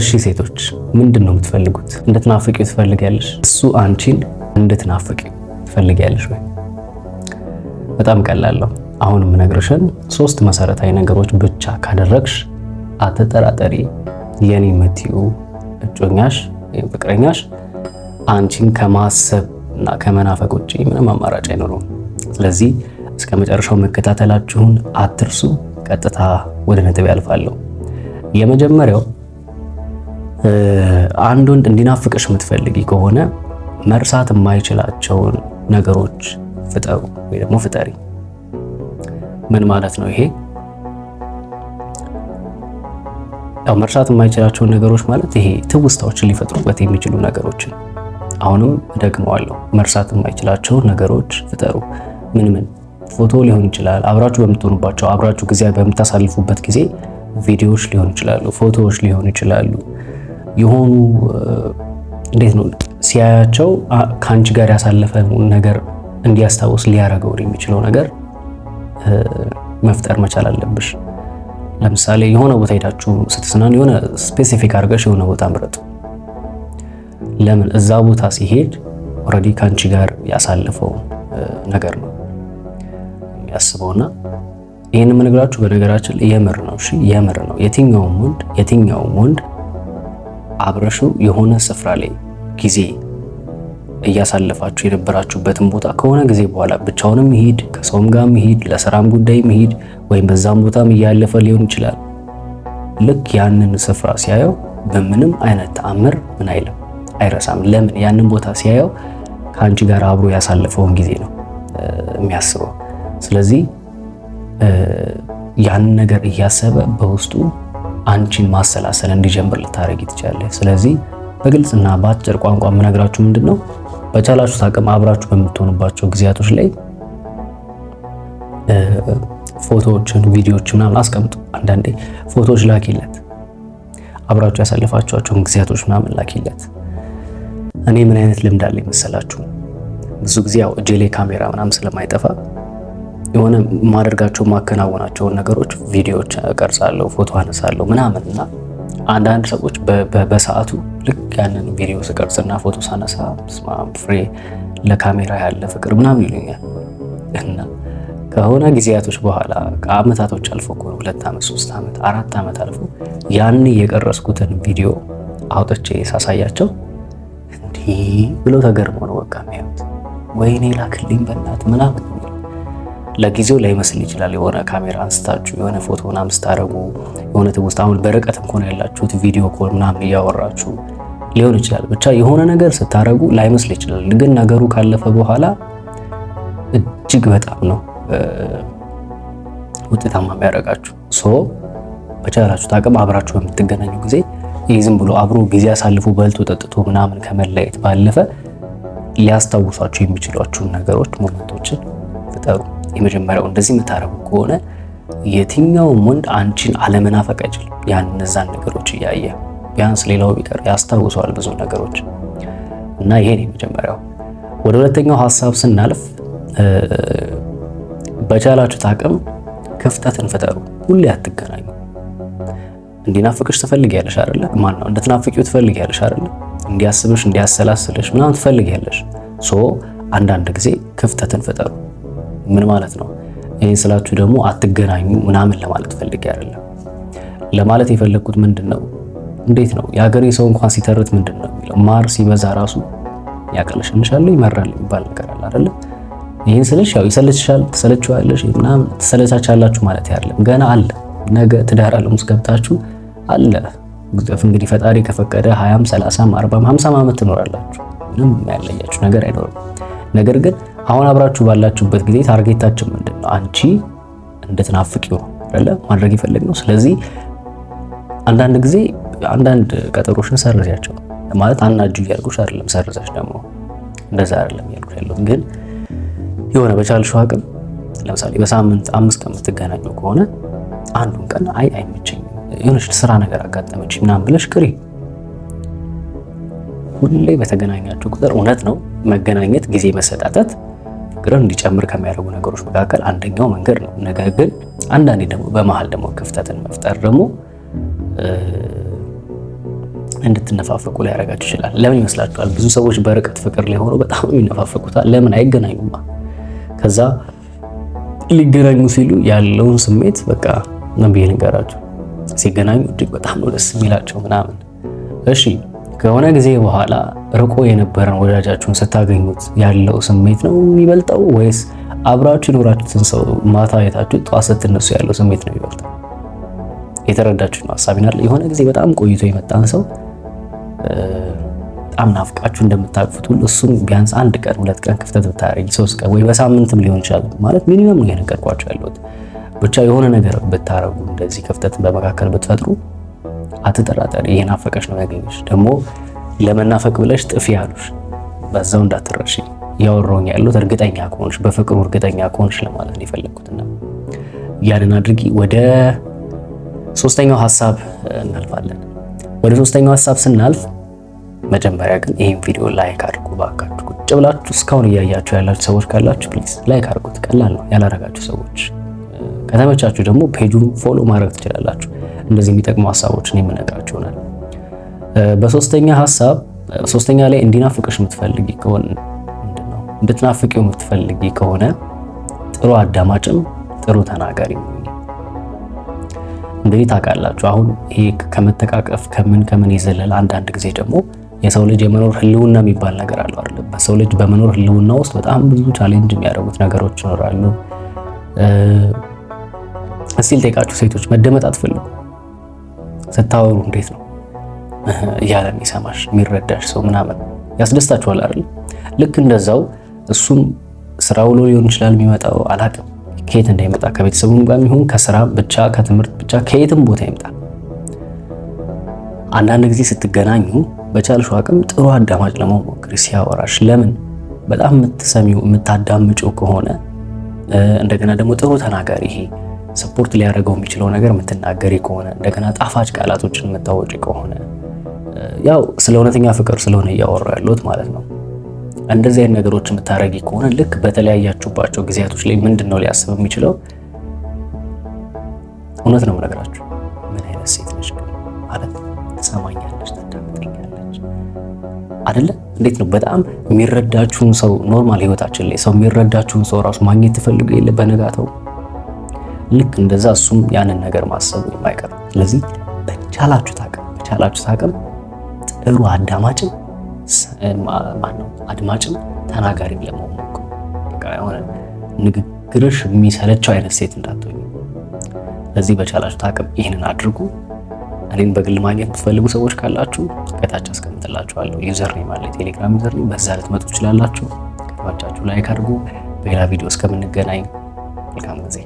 እሺ ሴቶች ምንድን ነው የምትፈልጉት? እንድትናፍቂው ትፈልጊያለሽ? እሱ አንቺን እንድትናፍቂው ትፈልጊያለሽ ወይ? በጣም ቀላል አሁን የምነግርሽን ሶስት መሰረታዊ ነገሮች ብቻ ካደረግሽ አትጠራጠሪ፣ የኔ የምትይው እጮኛሽ ወይም ፍቅረኛሽ አንቺን ከማሰብ እና ከመናፈቅ ውጭ ምንም አማራጭ አይኖረውም። ስለዚህ እስከ መጨረሻው መከታተላችሁን አትርሱ። ቀጥታ ወደ ነጥብ ያልፋለሁ። የመጀመሪያው አንድ ወንድ እንዲናፍቅሽ የምትፈልጊ ከሆነ መርሳት የማይችላቸውን ነገሮች ፍጠሩ ወይ ደግሞ ፍጠሪ። ምን ማለት ነው ይሄ? ያው መርሳት የማይችላቸውን ነገሮች ማለት ይሄ ትውስታዎችን ሊፈጥሩበት የሚችሉ ነገሮችን። አሁንም እደግመዋለሁ፣ መርሳት የማይችላቸውን ነገሮች ፍጠሩ። ምን ምን? ፎቶ ሊሆን ይችላል፣ አብራችሁ በምትሆኑባቸው አብራችሁ ጊዜ በምታሳልፉበት ጊዜ ቪዲዮዎች ሊሆን ይችላሉ፣ ፎቶዎች ሊሆን ይችላሉ የሆኑ እንዴት ነው ሲያያቸው ከአንቺ ጋር ያሳለፈ ነገር እንዲያስታውስ ሊያደርገው የሚችለው ነገር መፍጠር መቻል አለብሽ። ለምሳሌ የሆነ ቦታ ሄዳችሁ ስትዝናኑ የሆነ ስፔሲፊክ አድርገሽ የሆነ ቦታ ምረጡ። ለምን እዛ ቦታ ሲሄድ ኦልሬዲ ከአንቺ ጋር ያሳለፈው ነገር ነው የሚያስበውና ይህን የምነግራችሁ በነገራችን የምር ነው። የምር ነው። የትኛውም ወንድ የትኛውም ወንድ አብረሹ የሆነ ስፍራ ላይ ጊዜ እያሳለፋችሁ የነበራችሁበትን ቦታ ከሆነ ጊዜ በኋላ ብቻውንም ይሄድ ከሰውም ጋር ይሄድ ለስራም ጉዳይ ይሄድ ወይም በዛም ቦታም እያለፈ ሊሆን ይችላል። ልክ ያንን ስፍራ ሲያየው በምንም አይነት ተአምር ምን አይልም አይረሳም። ለምን ያንን ቦታ ሲያየው ከአንቺ ጋር አብሮ ያሳለፈውን ጊዜ ነው የሚያስበው። ስለዚህ ያንን ነገር እያሰበ በውስጡ አንቺን ማሰላሰል እንዲጀምር ልታደረግ ትችላለች። ስለዚህ በግልጽና በአጭር ቋንቋ የምነግራችሁ ምንድን ነው፣ በቻላችሁት አቅም አብራችሁ በምትሆኑባቸው ጊዜያቶች ላይ ፎቶዎችን፣ ቪዲዮዎችን ምናምን አስቀምጡ። አንዳንዴ ፎቶዎች ላኪለት፣ አብራችሁ ያሳለፋችኋቸውን ጊዜያቶች ምናምን ላኪለት። እኔ ምን አይነት ልምድ አለኝ መሰላችሁ? ብዙ ጊዜ ያው እጄ ላይ ካሜራ ምናምን ስለማይጠፋ የሆነ ማደርጋቸው ማከናወናቸውን ነገሮች ቪዲዮዎች ቀርጻለሁ፣ ፎቶ አነሳለሁ ምናምን እና አንዳንድ ሰዎች በሰዓቱ ልክ ያንን ቪዲዮ ስቀርጽና ፎቶ ሳነሳ ፍሬ ለካሜራ ያለ ፍቅር ምናምን ይሉኛል እና ከሆነ ጊዜያቶች በኋላ ከአመታቶች አልፎ እኮ ሁለት ዓመት ሶስት ዓመት አራት ዓመት አልፎ ያን የቀረጽኩትን ቪዲዮ አውጥቼ ሳሳያቸው እንዲህ ብለው ተገርመው ነው በቃ የሚያዩት። ወይኔ ላክልኝ በእናት ምናምን ለጊዜው ላይመስል ይችላል። የሆነ ካሜራ አንስታችሁ የሆነ ፎቶ ምናምን ስታደርጉ የሆነ ትውስጥ አሁን በርቀት እንኳን ያላችሁት ቪዲዮ ኮል ምናምን እያወራችሁ ሊሆን ይችላል። ብቻ የሆነ ነገር ስታደርጉ ላይመስል ይችላል፣ ግን ነገሩ ካለፈ በኋላ እጅግ በጣም ነው ውጤታማ የሚያደርጋችሁ። ሶ በቻላችሁ ታቅም አብራችሁ በምትገናኙ ጊዜ ይህ ዝም ብሎ አብሮ ጊዜ አሳልፎ በልቶ ጠጥቶ ምናምን ከመለየት ባለፈ ሊያስታውሷቸው የሚችሏቸውን ነገሮች ሞመንቶችን ፍጠሩ። የመጀመሪያው እንደዚህ የምታደርጉ ከሆነ የትኛውም ወንድ አንቺን አለመናፈቅ አይችልም። ያን እነዛን ነገሮች እያየ ቢያንስ ሌላው ቢቀር ያስታውሰዋል ብዙ ነገሮች እና ይሄ ነው የመጀመሪያው። ወደ ሁለተኛው ሀሳብ ስናልፍ በቻላችሁት አቅም ክፍተትን ፍጠሩ። ሁሌ አትገናኙ። እንዲናፍቅሽ ትፈልጊያለሽ አይደለ? ማነው እንድትናፍቂው ትፈልጊያለሽ አይደለ? እንዲያስብሽ፣ እንዲያሰላስልሽ ምናምን ትፈልጊያለሽ። ሶ አንዳንድ ጊዜ ክፍተትን ፍጠሩ። ምን ማለት ነው? ይህን ስላችሁ ደግሞ አትገናኙ ምናምን ለማለት ፈልጌ አይደለም። ለማለት የፈለግኩት ምንድን ነው፣ እንዴት ነው የሀገሬ ሰው እንኳን ሲተርት ምንድን ነው የሚለው ማር ሲበዛ ራሱ ያቅለሸልሻል፣ ይመራል የሚባል ነገር አለ አይደለ? ይህን ስልሽ ያው ይሰለችሻል፣ ትሰለችዋለሽ፣ ምናምን ትሰለቻቻላችሁ ማለት ያለም ገና አለ። ነገ ትዳር ዓለም ውስጥ ገብታችሁ አለ እንግዲህ ፈጣሪ ከፈቀደ 20፣ 30፣ 40፣ 50 ዓመት ትኖራላችሁ። ምንም የሚያለያችሁ ነገር አይኖርም። ነገር ግን አሁን አብራችሁ ባላችሁበት ጊዜ ታርጌታችን ምንድን ነው? አንቺ እንድትናፍቂው ነው አይደለ ማድረግ የፈለግነው። ስለዚህ አንዳንድ ጊዜ አንዳንድ ቀጠሮችን ሰርዣቸው ማለት አናጁ እያልኩሽ አይደለም፣ ሰርዘሽ ደግሞ እንደዛ አይደለም እያልኩሽ ያለሁት ግን የሆነ በቻልሽው አቅም ለምሳሌ በሳምንት አምስት ቀን የምትገናኙ ከሆነ አንዱን ቀን አይ አይመቸኝም የሆነች ስራ ነገር አጋጠመች ምናምን ብለሽ ቅሪ። ሁሌ በተገናኛችሁ ቁጥር እውነት ነው መገናኘት ጊዜ መሰጣጠት ተናግረን እንዲጨምር ከሚያደርጉ ነገሮች መካከል አንደኛው መንገድ ነው። ነገር ግን አንዳንዴ ደግሞ በመሀል ደግሞ ክፍተትን መፍጠር ደግሞ እንድትነፋፈቁ ሊያደርጋችሁ ይችላል። ለምን ይመስላችኋል? ብዙ ሰዎች በርቀት ፍቅር ላይ ሆነው በጣም የሚነፋፈቁታ ለምን አይገናኙማ? ከዛ ሊገናኙ ሲሉ ያለውን ስሜት በቃ ምን ብዬ ልንገራችሁ፣ ሲገናኙ እጅግ በጣም ነው ደስ የሚላቸው ምናምን እሺ ከሆነ ጊዜ በኋላ ርቆ የነበረን ወዳጃችሁን ስታገኙት ያለው ስሜት ነው የሚበልጠው ወይስ አብራችሁ የኖራችሁትን ሰው ማታ የታችሁ ጠዋት ስትነሱ ያለው ስሜት ነው የሚበልጠው? የተረዳችሁ ነው ሀሳቢና የሆነ ጊዜ በጣም ቆይቶ የመጣን ሰው በጣም ናፍቃችሁ እንደምታቅፉት ሁሉ እሱም ቢያንስ አንድ ቀን ሁለት ቀን ክፍተት ብታደርጊ ሶስት ቀን ወይ በሳምንትም ሊሆን ይችላል። ማለት ሚኒመም ነው የነገርኳቸው ያለሁት ብቻ የሆነ ነገር ብታረጉ እንደዚህ ክፍተትን በመካከል ብትፈጥሩ አትጠራጠሪ። ይሄን አፈቀሽ ነው ያገኘሽ። ደግሞ ለመናፈቅ ብለሽ ጥፊ ያሉሽ በዛው እንዳትረሺ። ያወራውኝ ያሉት እርግጠኛ ከሆንሽ በፍቅሩ እርግጠኛ ከሆንሽ ለማለት ነው የፈለኩትና ያንን አድርጊ። ወደ ሶስተኛው ሀሳብ እናልፋለን። ወደ ሶስተኛው ሀሳብ ስናልፍ መጀመሪያ ግን ይህን ቪዲዮ ላይክ አድርጉ ባካችሁ። ቁጭ ብላችሁ እስካሁን እያያችሁ ያላችሁ ሰዎች ካላችሁ ፕሊዝ ላይክ አድርጉት። ቀላል ነው። ያላረጋችሁ ሰዎች ከተመቻችሁ ደግሞ ፔጁን ፎሎ ማድረግ ትችላላችሁ። እንደዚህ የሚጠቅሙ ሀሳቦችን የምነግራችሁ ይሆናል። በሶስተኛ ሀሳብ ሶስተኛ ላይ እንዲናፍቅሽ የምትፈልጊ ከሆነ ምንድነው እንድትናፍቂው የምትፈልጊ ከሆነ ጥሩ አዳማጭም ጥሩ ተናጋሪ እንግዲህ ታውቃላችሁ። አሁን ይሄ ከመተቃቀፍ ከምን ከምን የዘለለ አንዳንድ ጊዜ ደግሞ የሰው ልጅ የመኖር ህልውና የሚባል ነገር አለው አይደል? በሰው ልጅ በመኖር ህልውና ውስጥ በጣም ብዙ ቻሌንጅ የሚያደርጉት ነገሮች ይኖራሉ። እስቲ ልጠይቃችሁ፣ ሴቶች መደመጥ አትፈልጉ? ስታወሩ እንዴት ነው እያለ የሚሰማሽ የሚረዳሽ ሰው ምናምን ያስደስታችኋል አይደል? ልክ እንደዛው እሱም ስራ ውሎ ሊሆን ይችላል የሚመጣው አላቅም ከየት እንዳይመጣ ከቤተሰቡም ጋር የሚሆን ከስራ ብቻ ከትምህርት ብቻ ከየትም ቦታ ይምጣ። አንዳንድ ጊዜ ስትገናኙ በቻልሹ አቅም ጥሩ አዳማጭ ለመሞክር ሲያወራሽ ለምን በጣም የምትሰሚው የምታዳምጪው ከሆነ እንደገና ደግሞ ጥሩ ተናጋሪ ይሄ ሰፖርት ሊያደርገው የሚችለው ነገር የምትናገሪ ከሆነ እንደገና ጣፋጭ ቃላቶችን የምታወጪ ከሆነ ያው ስለ እውነተኛ ፍቅር ስለሆነ እያወራሁ ያለሁት ማለት ነው። እንደዚህ አይነት ነገሮች የምታረጊ ከሆነ ልክ በተለያያችሁባቸው ጊዜያቶች ላይ ምንድን ነው ሊያስብ የሚችለው? እውነት ነው የምነግራችሁ። ምን አይነት ሴት ነች ግን ማለት ትሰማኛለች፣ ትዳምጠኛለች አይደለ? እንዴት ነው በጣም የሚረዳችሁን ሰው ኖርማል ህይወታችን ላይ ሰው የሚረዳችሁን ሰው ራሱ ማግኘት ትፈልጉ የለ በነጋተው ልክ እንደዛ እሱም ያንን ነገር ማሰቡ የማይቀር ስለዚህ በቻላችሁት አቅም በቻላችሁት አቅም ጥሩ አዳማጭም ማነው አድማጭም ተናጋሪም ለመሆን ሞክሩ። በቃ የሆነ ንግግርሽ የሚሰለቸው አይነት ሴት እንዳትሆኝ። ለዚህ በቻላችሁት አቅም ይህንን አድርጉ። እኔም በግል ማግኘት የምትፈልጉ ሰዎች ካላችሁ ከታች አስቀምጥላችኋለሁ። ዩዘር ማለ ቴሌግራም ዩዘር በዛ ልትመጡ ትችላላችሁ። ከተመቻችሁ ላይክ አድርጉ። በሌላ ቪዲዮ እስከምንገናኝ መልካም ጊዜ